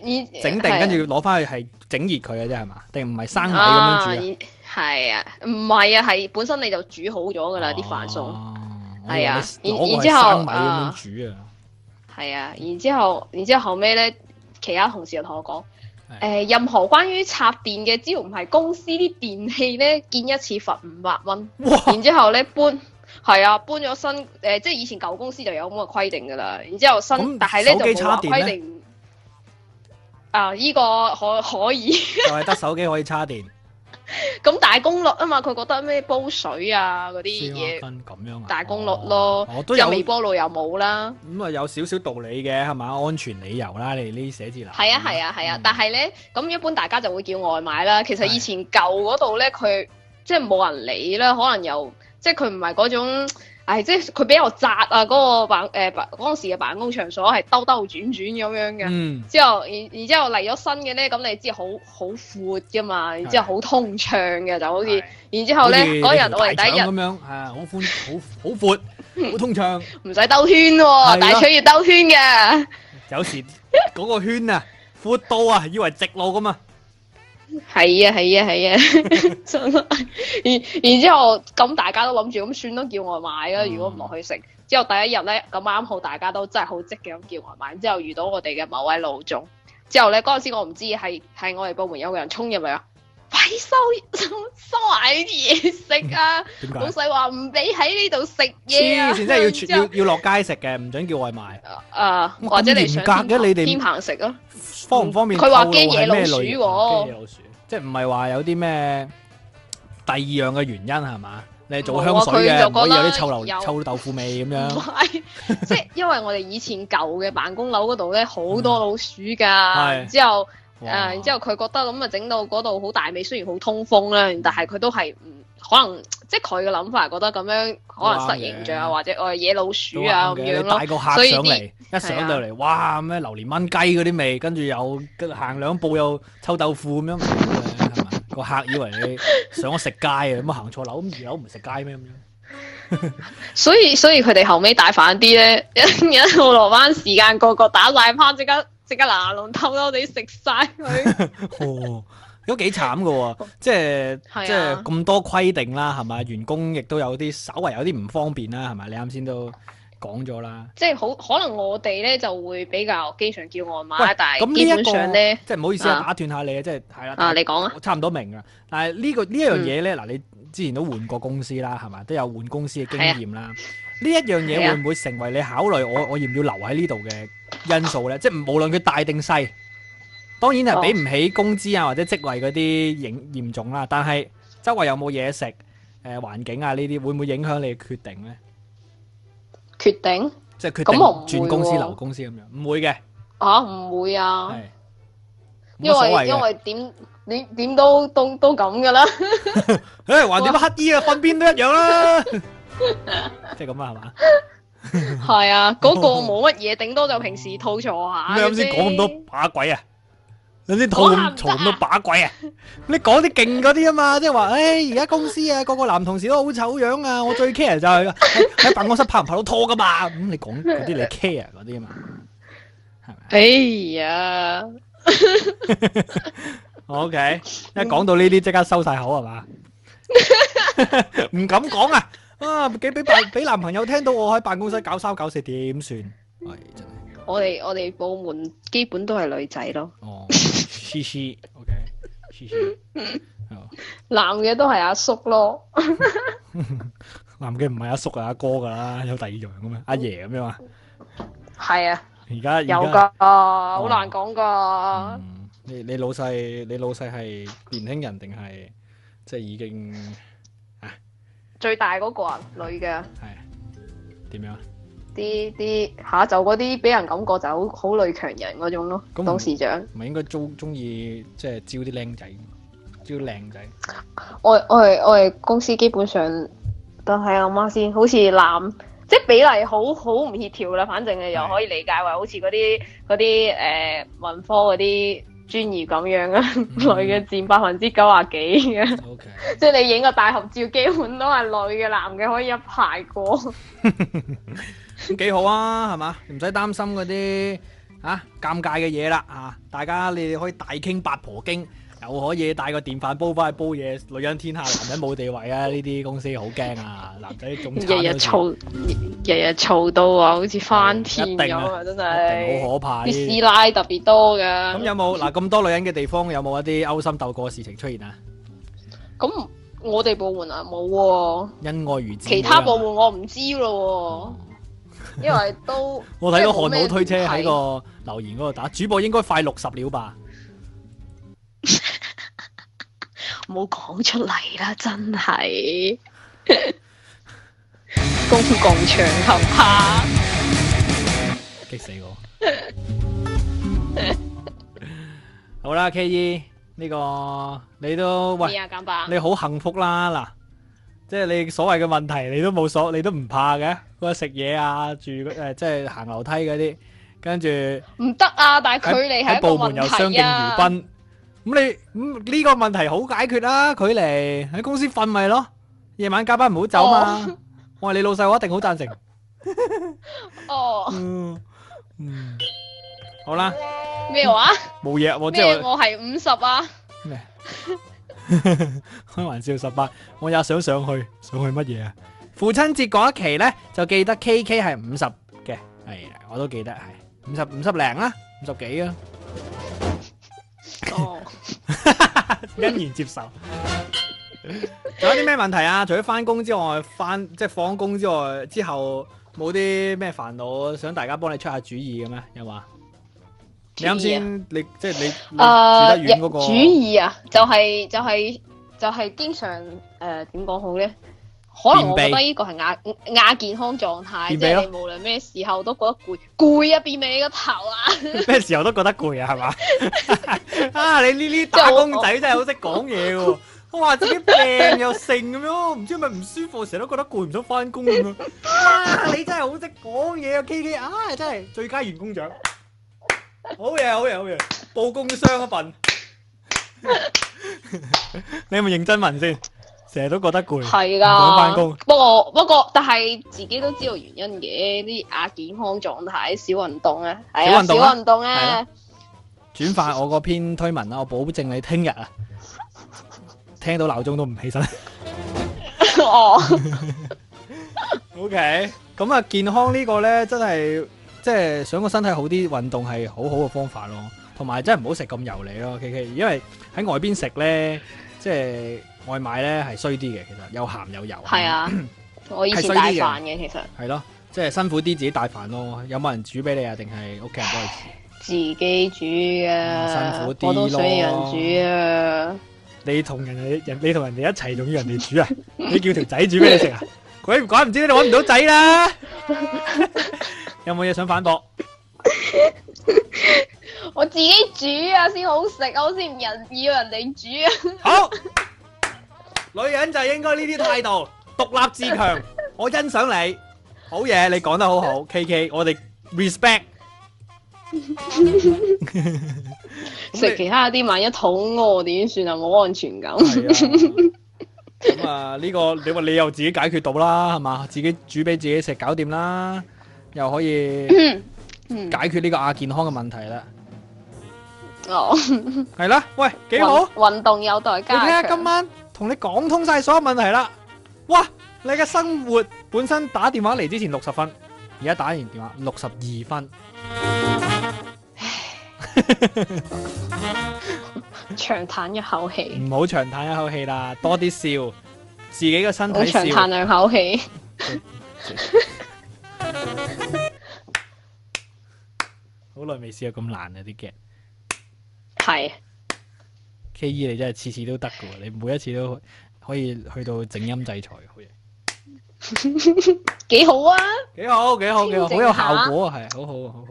你整定跟住攞翻去係整熱佢嘅啫，係嘛？定唔係生米咁樣煮？係啊，唔係啊，係本身你就煮好咗噶啦啲飯餸。哦。係啊，然然之後啊。係啊，然之後，然之後後尾咧，其他同事就同我講，誒、呃，任何關於插電嘅，只要唔係公司啲電器咧，見一次罰五百蚊。哇！然之後咧搬，係啊，搬咗新誒、呃，即係以前舊公司就有咁嘅規定㗎啦。然之後新，嗯、但係咧就冇插電規定。啊、呃，依、這個可可以。就係、是、得手機可以插電。 咁 大功率啊嘛，佢覺得咩煲水啊嗰啲嘢，大功率咯，又、哦哦、微波爐又冇啦。咁、嗯、啊、嗯、有少少道理嘅係咪，安全理由啦，你呢啲寫字樓？係啊係啊係啊，啊啊嗯、但係咧咁一般大家就會叫外賣啦。其實以前舊嗰度咧，佢即係冇人理啦，可能又即係佢唔係嗰種。係即係佢比較窄啊，嗰、那個辦誒辦嗰陣時嘅辦公場所係兜兜轉轉咁樣嘅、嗯。之後然然之後嚟咗新嘅咧，咁你知好好闊噶嘛？然之後好通暢嘅，就好似然之後咧嗰日我係第一日咁樣，係好寬好好闊，好通暢，唔使兜圈喎、啊，大腸要兜圈嘅。有時嗰個圈啊闊 到啊，以為直路噶嘛。係啊係啊係啊，真係、啊啊啊、 然然之後咁大家都諗住咁算啦，叫外賣啦。如果唔落去食之後，第一日咧咁啱好，大家都真係好積極咁叫外賣。之後遇到我哋嘅某位老總，之後咧嗰陣時我唔知係係我哋部門有個人衝入嚟啊。快收收埋啲嘢食啊！老細話唔俾喺呢度食嘢啊！然之後要要落街食嘅，唔准叫外賣，呃。啊，或者你唔得嘅，你哋唔行食啊？方唔方便什麼？佢話驚嘢老鼠，驚嘢老鼠，啊，即係唔係話有啲咩第二樣嘅原因係嘛？你係做香水嘅，啊、可以有啲臭臭豆腐味咁樣。即係因為我哋以前舊嘅辦公樓嗰度咧，好多老鼠噶，然、嗯、之後。誒，然之後佢覺得咁啊，整到嗰度好大味，雖然好通風啦，但係佢都係唔可能，即係佢嘅諗法，覺得咁樣可能失形象或者我愛、哎、野老鼠啊咁樣咯。帶個客上嚟，一上就嚟，哇咩榴蓮燜雞嗰啲味，跟住又跟行兩步又臭豆腐咁樣，個 客以為你上咗食街啊，咁行錯樓咁二樓唔係食街咩咁樣？所以所以佢哋後尾大反啲咧，一一到落班時間個個打晒，拋即刻。食個拿龍偷偷哋食晒佢，哦，都幾慘㗎喎、啊， 即係即係咁多規定啦，係咪？員工亦都有啲稍為有啲唔方便啦，係咪？你啱先都講咗啦，即係好可能我哋咧就會比較經常叫外賣，但係咁呢一、這個即係唔好意思啊，打斷下你啊，即係係啦，啊你講啊，我差唔多明啦，但係、呢個呢個、呢個呢一樣嘢咧，嗱、嗯、你。之前都換過公司啦，係咪？都有換公司嘅經驗啦。呢一樣嘢會唔會成為你考慮我我要唔要留喺呢度嘅因素呢？即係無論佢大定細，當然係俾唔起工資啊或者職位嗰啲影嚴重啦。但係周圍有冇嘢食、誒環境啊呢啲會唔會影響你嘅決定呢？決定即係決定轉公司留公司咁樣，唔會嘅啊，唔會啊。因為因為點點點都都都咁噶啦，誒，還點樣乞衣啊？瞓邊都一樣啦， 即係咁啊，係、那、嘛、個？係啊，嗰個冇乜嘢，頂多就平時吐槽下先。哦哦、你啱先講咁多把鬼、哦、多把鬼啊？你啲吐槽咁多把鬼啊？你講啲勁嗰啲啊嘛？即係話，誒、哎，而家公司啊，個個男同事都好醜樣啊，我最 care 就係、是、喺辦公室拍唔拍到拖噶嘛？咁、嗯、你講嗰啲你 care 嗰啲啊嘛？係咪？哎呀！ o、okay, K，一講到呢啲即刻收晒口係嘛？唔 敢講啊！啊，幾俾俾男朋友聽到我喺辦公室搞三搞四點算？係真係。我哋我哋部門基本都係女仔咯哦。哦，嘻嘻，O K，嘻嘻，男嘅都係阿叔咯 。男嘅唔係阿叔， 阿叔阿阿啊，阿哥噶啦，有第二樣噶咩？阿爺咁樣啊？係啊。而家有噶，啊、好難講噶、嗯。你你老細你老細係年輕人定係即係已經、啊、最大嗰個啊？女嘅係點樣？啲啲下晝嗰啲俾人感覺就好好女強人嗰種咯。咁董事長唔係應該中中意即係招啲靚仔，招靚仔。我我係我哋公司基本上都係阿媽先，好似男。即係比例好好唔協調啦，反正誒又可以理解為，好似嗰啲啲誒文科嗰啲專業咁樣啦、嗯，女嘅佔百分之九啊幾嘅，Okay. 即係你影個大合照，基本都係女嘅，男嘅可以一排過， 都幾好啊，係嘛？唔 使擔心嗰啲啊尷尬嘅嘢啦，嚇、啊、大家你哋可以大傾八婆經。又可以帶個電飯煲翻去煲嘢，女人天下，男人， 男人冇地位啊！呢啲公司好驚啊，男仔總產。日日嘈，日日嘈到啊，好似翻天咁啊、嗯，真係好可怕啲師奶特別多噶。咁有冇？嗱，咁多女人嘅地方有冇一啲勾心鬥角嘅事情出現啊？咁我哋部門啊冇喎、啊。因愛如、啊、其他部門我唔知咯、啊， 因為都我睇到韓好推車喺個留言嗰度打主播應該快六十了吧？冇 講出嚟啦，真係公共場合，怕激 死我！好啦，K E 呢、這個你都喂你好幸福啦嗱，即係你所謂嘅問題，你都冇所，你都唔怕嘅嗰食嘢啊，住誒、呃、即係行樓梯嗰啲，跟住唔得啊！但係佢哋喺部門又相敬如賓。咁你咁呢個問題好解決啦，佢嚟喺公司瞓咪咯，夜晚加班唔好走嘛。我話你老細，我一定好贊成。哦，嗯，好啦，咩話？冇嘢，我即係我係五十啊。開玩笑，十八，我也想上去，想去乜嘢啊？父親節嗰一期咧，就記得 KK 係五十嘅，係我都記得係五十五十零啦，五十幾啊。哦， 欣然接受 仲有啲咩問題啊？除咗翻工之外，翻即係放工之外，之後冇啲咩煩惱，想大家幫你出下主意嘅咩？有冇啊？你啱先，你即係你，就係你，你住得遠嗰個主意啊？就係，就係，就係經常，誒，點講好咧？可能我覺得呢個係亞亞健康狀態，即係、就是、無論咩時候都覺得攰攰啊！便秘呢個頭啊！咩時候都覺得攰啊？係嘛？ 啊！你呢啲打工仔真係好識講嘢喎！我話自己病又成咁樣，唔知係咪唔舒服？成日都覺得攰唔想翻工咁咯。啊！你真係好識講嘢啊，K K！啊，真係最佳員工獎 。好嘢，好嘢，好嘢！報工商一份，你有冇認真問先？成日都覺得攰，係噶，唔想翻工。不過不過，但係自己都知道原因嘅，啲亞健康狀態，少運動啊，少運動啊，少運動啊。轉發我嗰篇推文啦，我保證你聽日啊聽到鬧鐘都唔起身。哦。O K，咁啊，健康呢個咧真係即係想個身體好啲，運動係好好嘅方法咯。同埋真係唔好食咁油膩咯，K K，因為喺外邊食咧即係。外賣咧係衰啲嘅，其實又鹹又油。係啊 我以前帶飯嘅。其實係咯，即係辛苦啲自己帶飯咯。有冇人煮俾你啊？定係屋企人幫你煮？自己煮噶，啊，我都想人、啊、人、人、人煮啊。 你同人哋，你同人哋一齊仲要人哋煮啊？ 你叫條仔煮俾你食啊？鬼唔知你哋搵唔到仔啦。有冇嘢想反駁？ 我自己煮啊，先好食啊，好似唔人要人哋煮啊。好。女人就應該呢啲態度，獨 立自強，我欣賞你。好嘢，你講得好好，K K，我哋 respect 食 其他啲萬一肚餓點算啊？冇安全感。咁啊，呢、 啊呢個你話你又自己解決到啦，係嘛？自己煮俾自己食，搞掂啦，又可以解決呢個亞健康嘅問題啦。哦，係啦，喂，幾好。運動有待加強。聽下看看今晚。同你講通晒所有問題啦！哇，你嘅生活本身打電話嚟之前六十分，而家打完電話六十二分，唉， 長嘆一口氣，唔好長嘆一口氣啦，多啲笑，自己嘅身體，長嘆兩口氣，好耐未試過咁難啊啲劇係。K E 你真係次次都得噶喎，你每一次都可以去到整音制裁，好嘢幾好啊！幾好，幾好，幾好，好有效果啊，係，好好，好好，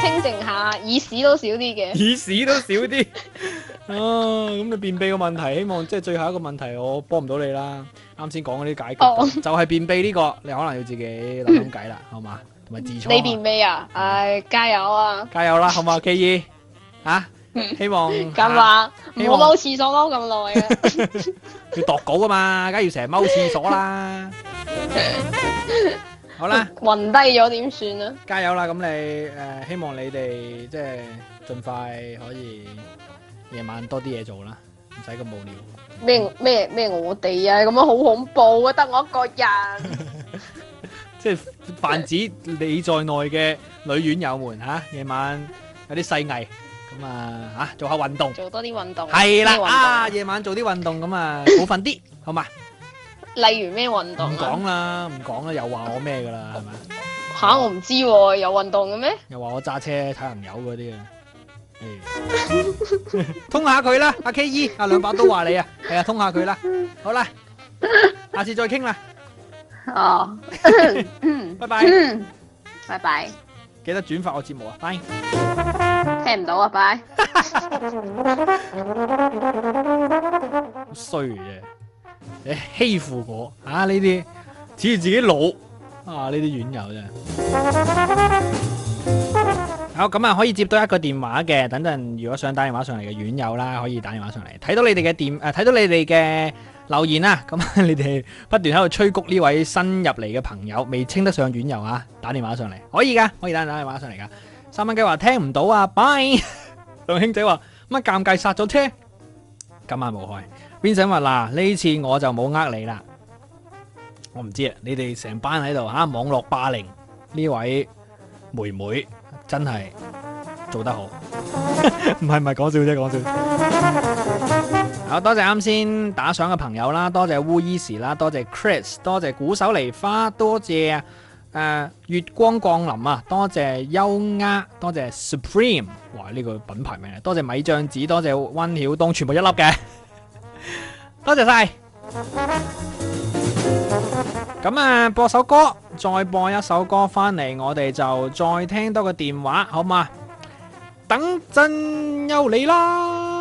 清淨下耳屎都少啲嘅，耳屎都少啲 啊！咁你便秘個問題，希望即係最後一個問題我幫了了，我幫唔到你啦。啱先講嗰啲解決，oh. 就係便秘呢、這個，你可能要自己諗計啦，好嘛，同埋自創。你便秘啊？唉、呃，加油啊！加油啦，好嘛，K E，吓、啊。希望咁話，唔好踎廁所踎咁耐啊！要度稿噶嘛，梗係要成日踎廁所啦。好啦，暈低咗點算啊？加油啦！咁你誒，希望你哋即係盡快可以夜晚多啲嘢做啦，唔使咁無聊。咩咩咩我哋啊，咁樣好恐怖啊！得我一個人，即係泛指你在內嘅女院友們吓，夜晚有啲細藝。咁啊，吓做下運動，做多啲運動係啦，啊夜晚做啲運動咁啊，好瞓啲，好嘛？例如咩運動？唔講啦，唔講啦，又話我咩噶啦，係咪？吓我唔知有運動嘅咩？又話我揸車睇朋友嗰啲啊，誒，通下佢啦，阿 K E，阿兩伯都話你啊，係啊，通下佢啦，好啦，下次再傾啦，哦，嗯，拜拜，拜拜，記得轉發我節目啊，拜。聽唔到啊！拜，好衰嘅，你欺負我啊！呢啲恃住自己老啊！呢啲院友真係，好咁啊，可以接到一個電話嘅。等陣如果想打電話上嚟嘅院友啦，可以打電話上嚟。睇到你哋嘅電誒，睇到你哋嘅留言啊，咁你哋不斷喺度催谷呢位新入嚟嘅朋友，未稱得上院友啊！打電話上嚟可以噶，可以打打電話上嚟噶。三蚊雞話聽唔到啊，拜！兩兄仔話乜尷尬，殺咗車，今晚無害。Winson 話嗱呢次我就冇呃你啦，我唔知啊，你哋成班喺度吓網絡霸凌呢位妹妹真係做得好，唔係唔係講笑啫講笑。好多謝啱先打賞嘅朋友啦，多謝烏衣時啦，多謝 Chris，多謝鼓手梨花，多謝。誒，月光降臨啊！多謝優雅，多謝 Supreme，哇！呢個品牌名啊，多謝米醬子，多謝溫曉東，全部一粒嘅，多謝晒。咁啊，播首歌，再播一首歌翻嚟，我哋就再聽多個電話，好嘛？等陣又嚟啦。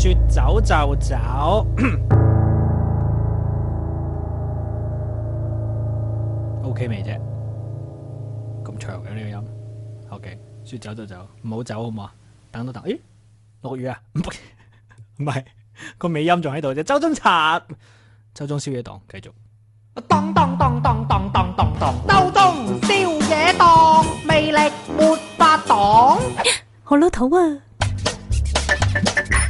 說走就走，OK 未啫？咁長嘅呢個音，OK。說走就走，唔、 okay okay, 好走好嘛？等都等，誒、欸，落雨啊？唔 係，個尾音仲喺度啫。周中插，周中宵夜檔，繼續。咚咚咚咚咚咚咚咚，周中宵夜檔，魅力沒法擋，好老土啊！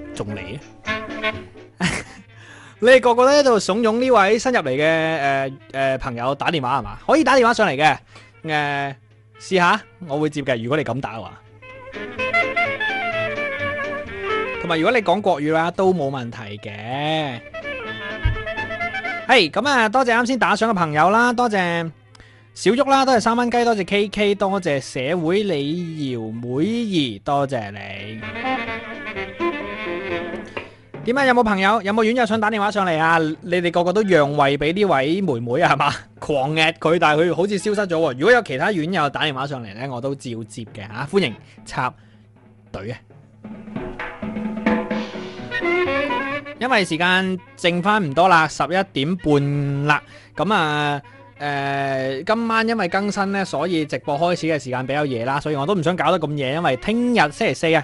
仲嚟？ 你哋個個都喺度慫恿呢位新入嚟嘅誒誒朋友打電話係嘛？可以打電話上嚟嘅誒，試、呃、下我會接嘅。如果你咁打嘅話，同埋如果你講國語嘅話都冇問題嘅。係、hey, 咁啊，多謝啱先打賞嘅朋友啦，多謝小旭啦，多謝三蚊雞，多謝 K K，多謝社會李瑤妹兒，多謝你。點啊？有冇朋友？有冇院友想打電話上嚟啊？你哋個個都讓位俾呢位妹妹啊？係嘛？狂 at 佢，但係佢好似消失咗。如果有其他院友打電話上嚟咧，我都照接嘅吓。歡迎插隊啊！因為時間剩翻唔多啦，十一點半啦。咁啊，誒，今晚因為更新咧，所以直播開始嘅時間比較夜啦。所以我都唔想搞得咁夜，因為聽日星期四啊。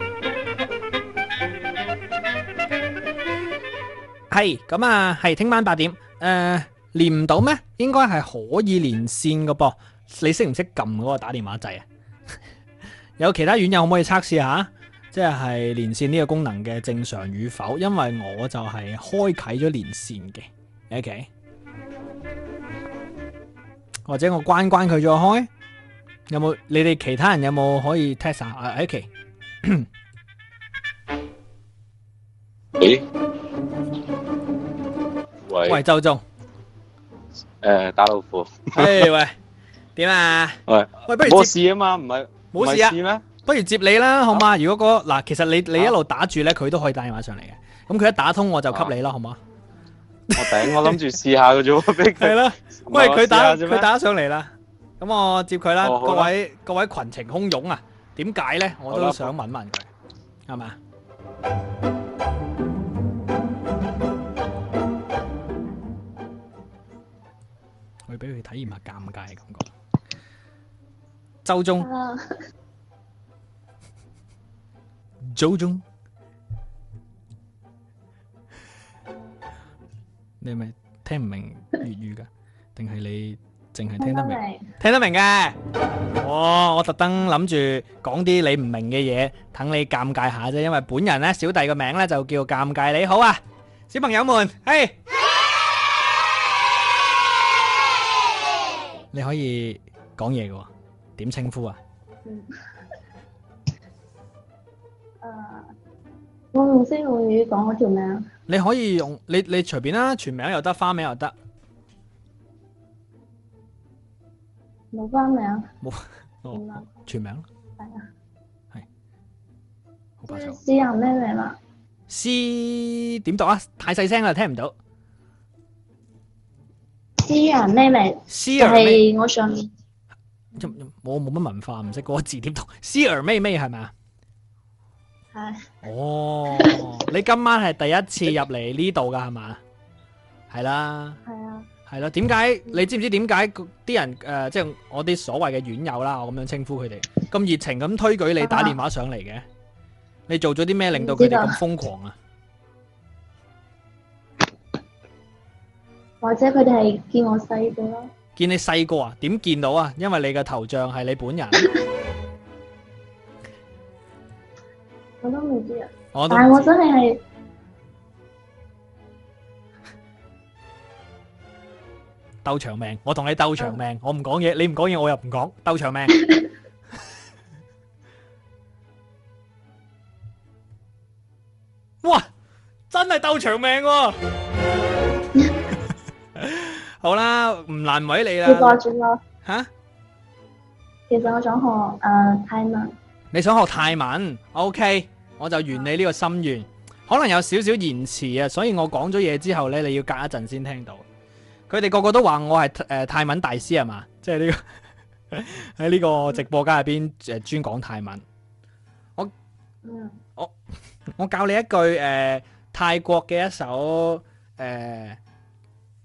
係咁啊，係聽晚八點。誒、呃，連唔到咩？應該係可以連線噶噃。你識唔識撳嗰個打電話掣啊？ 有其他網友可唔可以測試下，即係連線呢個功能嘅正常與否？因為我就係開啟咗連線嘅。OK，或者我關關佢再開？有冇？你哋其他人有冇可以 test 下啊？OK。咦？ 喂周中，誒打老虎。誒喂，點啊？喂，冇事啊嘛，唔係冇事咩？不如接你啦，好嘛？如果嗰嗱，其實你你一路打住咧，佢都可以打電話上嚟嘅。咁佢一打通我就給你啦，好唔好啊？我頂，我諗住試下嘅啫喎。係咯，喂佢打佢打上嚟啦，咁我接佢啦。各位各位群情洶湧啊，點解咧？我都想問問佢，係嘛？去俾佢體驗下尷尬嘅感覺。周中，周中，你係咪聽唔明粵語噶？定係你淨係聽得明？聽得明嘅。哦！我特登諗住講啲你唔明嘅嘢，等你尷尬下啫。因為本人咧，小弟嘅名咧就叫尷尬。你好啊，小朋友們，嘿！你可以講嘢嘅，點稱呼啊？嗯 uh, 我誒，我唔識用粵語講我條名。你可以用你你隨便啦，全名又得，花名又得。冇花名。冇、 哦哦。全名。係啊。係。好害羞。詩人咩名啊？詩點讀啊？太細聲啦，聽唔到。C 而咩咩？就係我上面。我冇乜文化，唔識嗰字點讀。C 而咩咩係咪啊？係。哦，你今晚係第一次入嚟呢度噶係嘛？係 啦。係啊。係啦？點解？你知唔知點解啲人誒、呃，即係我啲所謂嘅遠友啦，我咁樣稱呼佢哋，咁熱情咁推舉你打電話上嚟嘅？你做咗啲咩令到佢哋咁瘋狂啊？或者佢哋係見我細個咯，見你細個啊？點見到啊？因為你嘅頭像係你本人，我都唔知啊。但係我真係係鬥長命，我同你鬥長命，我唔講嘢，你唔講嘢，我又唔講，鬥長命。哇！真係鬥長命喎！好啦，唔難為你啦。直播轉咯。吓，其實我想學誒、啊呃、泰文。你想學泰文？O、okay、K，我就圓你呢個心願、嗯。可能有少少延遲啊，所以我講咗嘢之後呢，你要隔一陣先聽到。佢哋個個都話我係誒、呃、泰文大師係嘛，即係呢個喺呢、嗯、 個直播間入邊誒專講泰文。我，嗯、我我教你一句誒、呃、泰國嘅一首誒。呃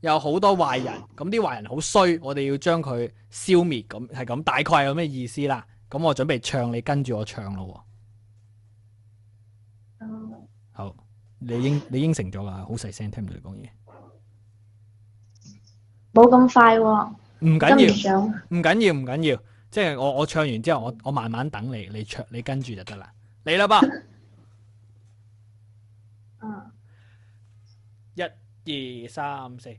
有好多壞人，咁啲壞人好衰，我哋要將佢消滅，咁係咁，大概有咩意思啦？咁我準備唱，你跟住我唱咯。哦、嗯，好，你應你應承咗啦，好細聲，聽唔到你講嘢，冇咁快、哦，唔緊要，唔緊要，唔緊要，即係我我唱完之後，我我慢慢等你，你唱，你跟住就得啦，嚟啦噃，一二三四。1, 2, 3,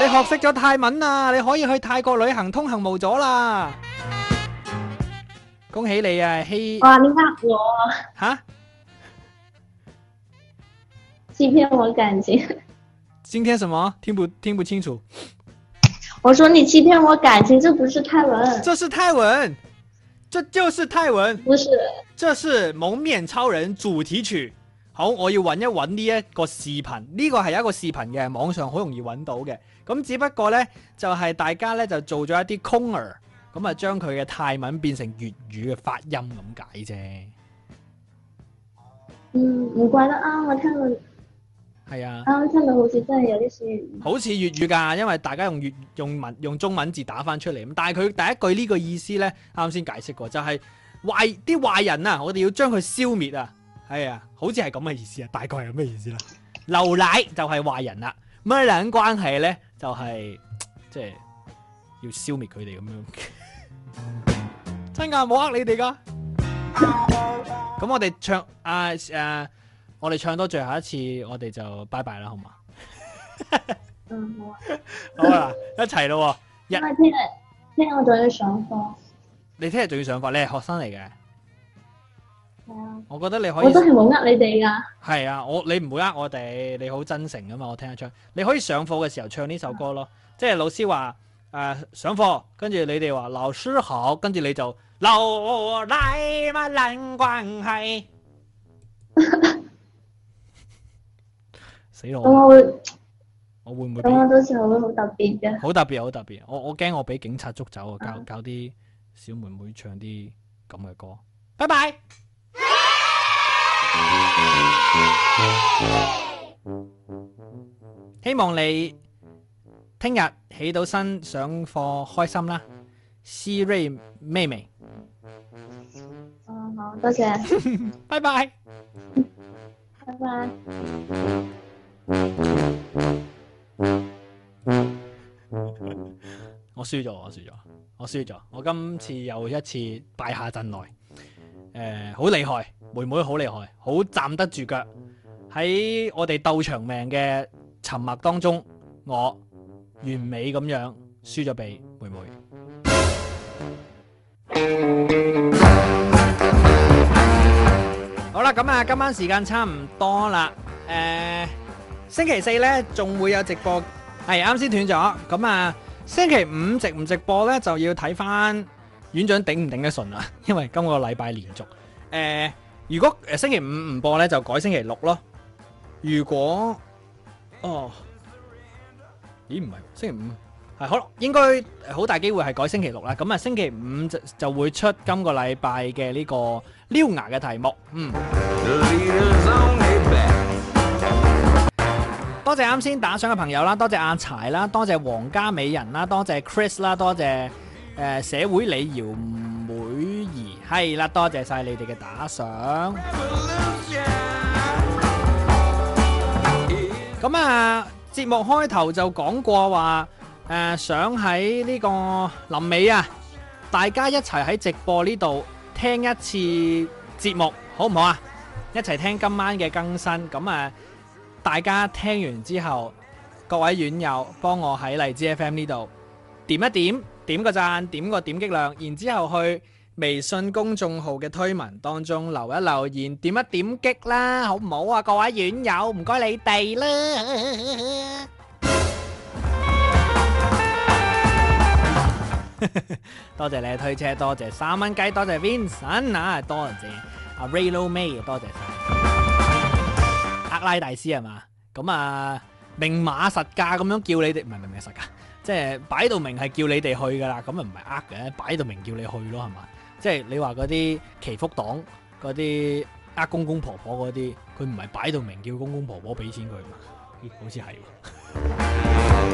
你學識咗泰文啦、啊，你可以去泰國旅行通行無阻啦！恭喜你啊，希、hey！哇，你黑我！吓？欺騙我感情？今天什麼？聽不聽不清楚？我說你欺騙我感情，這不是泰文，這是泰文，這就是泰文，不是，這是蒙面超人主題曲。好，我要搵一搵呢一個視頻，呢、呢個係一個視頻嘅，網上好容易搵到嘅。咁只不過呢，就係、是、大家呢，就做咗一啲空耳，咁啊將佢嘅泰文變成粵語嘅發音咁解啫。嗯，唔怪得啱，我聽到。係啊。啱聽到好似真係有啲似。好似粵語㗎，因為大家用粵用文用中文字打返出嚟，咁但係佢第一句呢個意思呢，啱先解釋過，就係、是、壞啲壞人啊，我哋要將佢消滅啊。係啊，好似係咁嘅意思啊，大概係咩意思啦？流奶就係壞人啦、啊，咩兩關係呢？就係、是、即係要消滅佢哋咁樣， 真噶冇呃你哋噶。咁、啊、我哋唱啊誒、啊，我哋唱多最後一次，我哋就拜拜啦，好嘛？嗯，好啊。 好啊，一齊咯喎！聽 日，聽日我仲要上課。你聽日仲要上課？你係學生嚟嘅。我覺得你可以，我都係冇呃你哋噶。係啊，我你唔會呃我哋，你好真誠噶嘛。我聽下唱，你可以上課嘅時候唱呢首歌咯。即係老師話誒、呃，上課跟住你哋話老師好，跟住你就留。 」奶乜冷關係。死我！我會，我會唔會？咁我到時候會好特別嘅。好特別，好特別。我我驚我俾警察捉走啊！搞搞啲小妹妹唱啲咁嘅歌。拜拜。希望你聽日起到身上課開心啦，希瑞妹妹。嗯，好，多謝，謝，拜 拜，拜拜。 我輸咗，我輸咗，我輸咗，我今次又一次敗下陣來。誒、呃，好厲害，妹妹好厲害，好站得住腳。喺我哋鬥長命嘅沉默當中，我完美咁樣輸咗俾妹妹。好啦，咁啊，今晚時間差唔多啦。誒、呃，星期四呢，仲會有直播，係啱先斷咗。咁啊，星期五直唔直播呢，就要睇翻。院長頂唔頂得順啊？因為今個禮拜連續，誒、呃，如果誒星期五唔播咧，就改星期六咯。如果，哦，咦，唔係星期五，係好咯，應該好大機會係改星期六啦。咁啊，星期五就就會出今個禮拜嘅呢個撩牙嘅題目。嗯，多謝啱先打賞嘅朋友啦，多謝阿柴啦，多謝王家美人啦，多謝 Chris 啦，多謝。誒社會李姚妹兒係啦，多謝曬你哋嘅打賞。咁啊，節目開頭就講過話，誒想喺呢個臨尾啊，大家一齊喺直播呢度聽一次節目，好唔好啊？一齊聽今晚嘅更新。咁啊，大家聽完之後，各位院友幫我喺荔枝 FM 呢度點一點，點個讚，點個點擊量，然之後去微信公眾號嘅推文當中留一留言，點一點擊啦，好唔好啊？各位網友，唔該你哋啦。多謝你推車，多謝三蚊雞，多謝 Vincent 啊，多謝阿 Raylow May，多謝晒厄拉大師係嘛，咁啊明碼實價咁樣叫你哋，唔係明碼實價。即係擺到明係叫你哋去噶啦，咁又唔係呃嘅，擺到明叫你去咯，係嘛？即係你話嗰啲祈福黨嗰啲呃公公婆婆嗰啲，佢唔係擺到明叫公公婆婆俾錢佢嘛？欸？好似係。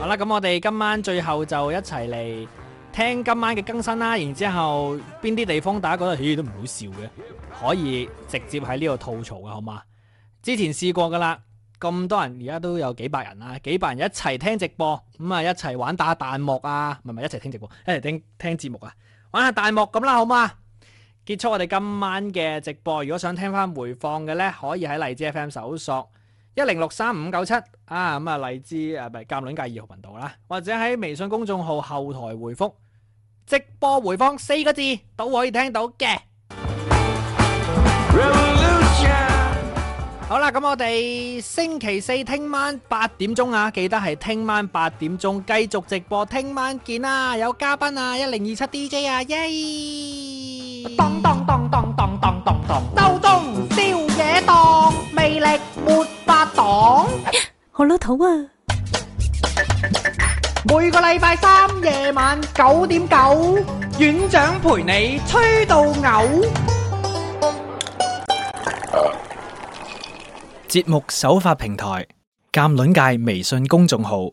好啦，咁我哋今晚最後就一齊嚟聽今晚嘅更新啦。然之後邊啲地方大家覺得起都唔好笑嘅，可以直接喺呢度吐槽嘅，好嘛？之前試過噶啦。咁多人而家都有幾百人啊，幾百人一齊聽直播，咁啊一齊玩打彈幕啊，唔係唔係一齊聽直播，一齊聽聽節目啊，玩下彈幕咁啦，好嘛？結束我哋今晚嘅直播，如果想聽翻回放嘅呢，可以喺荔枝 FM 搜索一零六三五九七啊，咁啊荔枝啊唔係鑑論界二號頻道啦，或者喺微信公眾號後台回覆直播回放四個字，都可以聽到嘅。好啦，咁我哋星期四聽晚八點鐘啊，記得係聽晚八點鐘繼續直播，聽晚見啊！有嘉賓啊，一零二七 DJ 啊，耶！咚咚咚咚咚咚咚咚，當中宵夜檔，魅力沒法擋。好老土啊！每個禮拜三夜晚九點九，院長陪你吹到嘔。節目首發平臺：鑑撚界微信公眾號。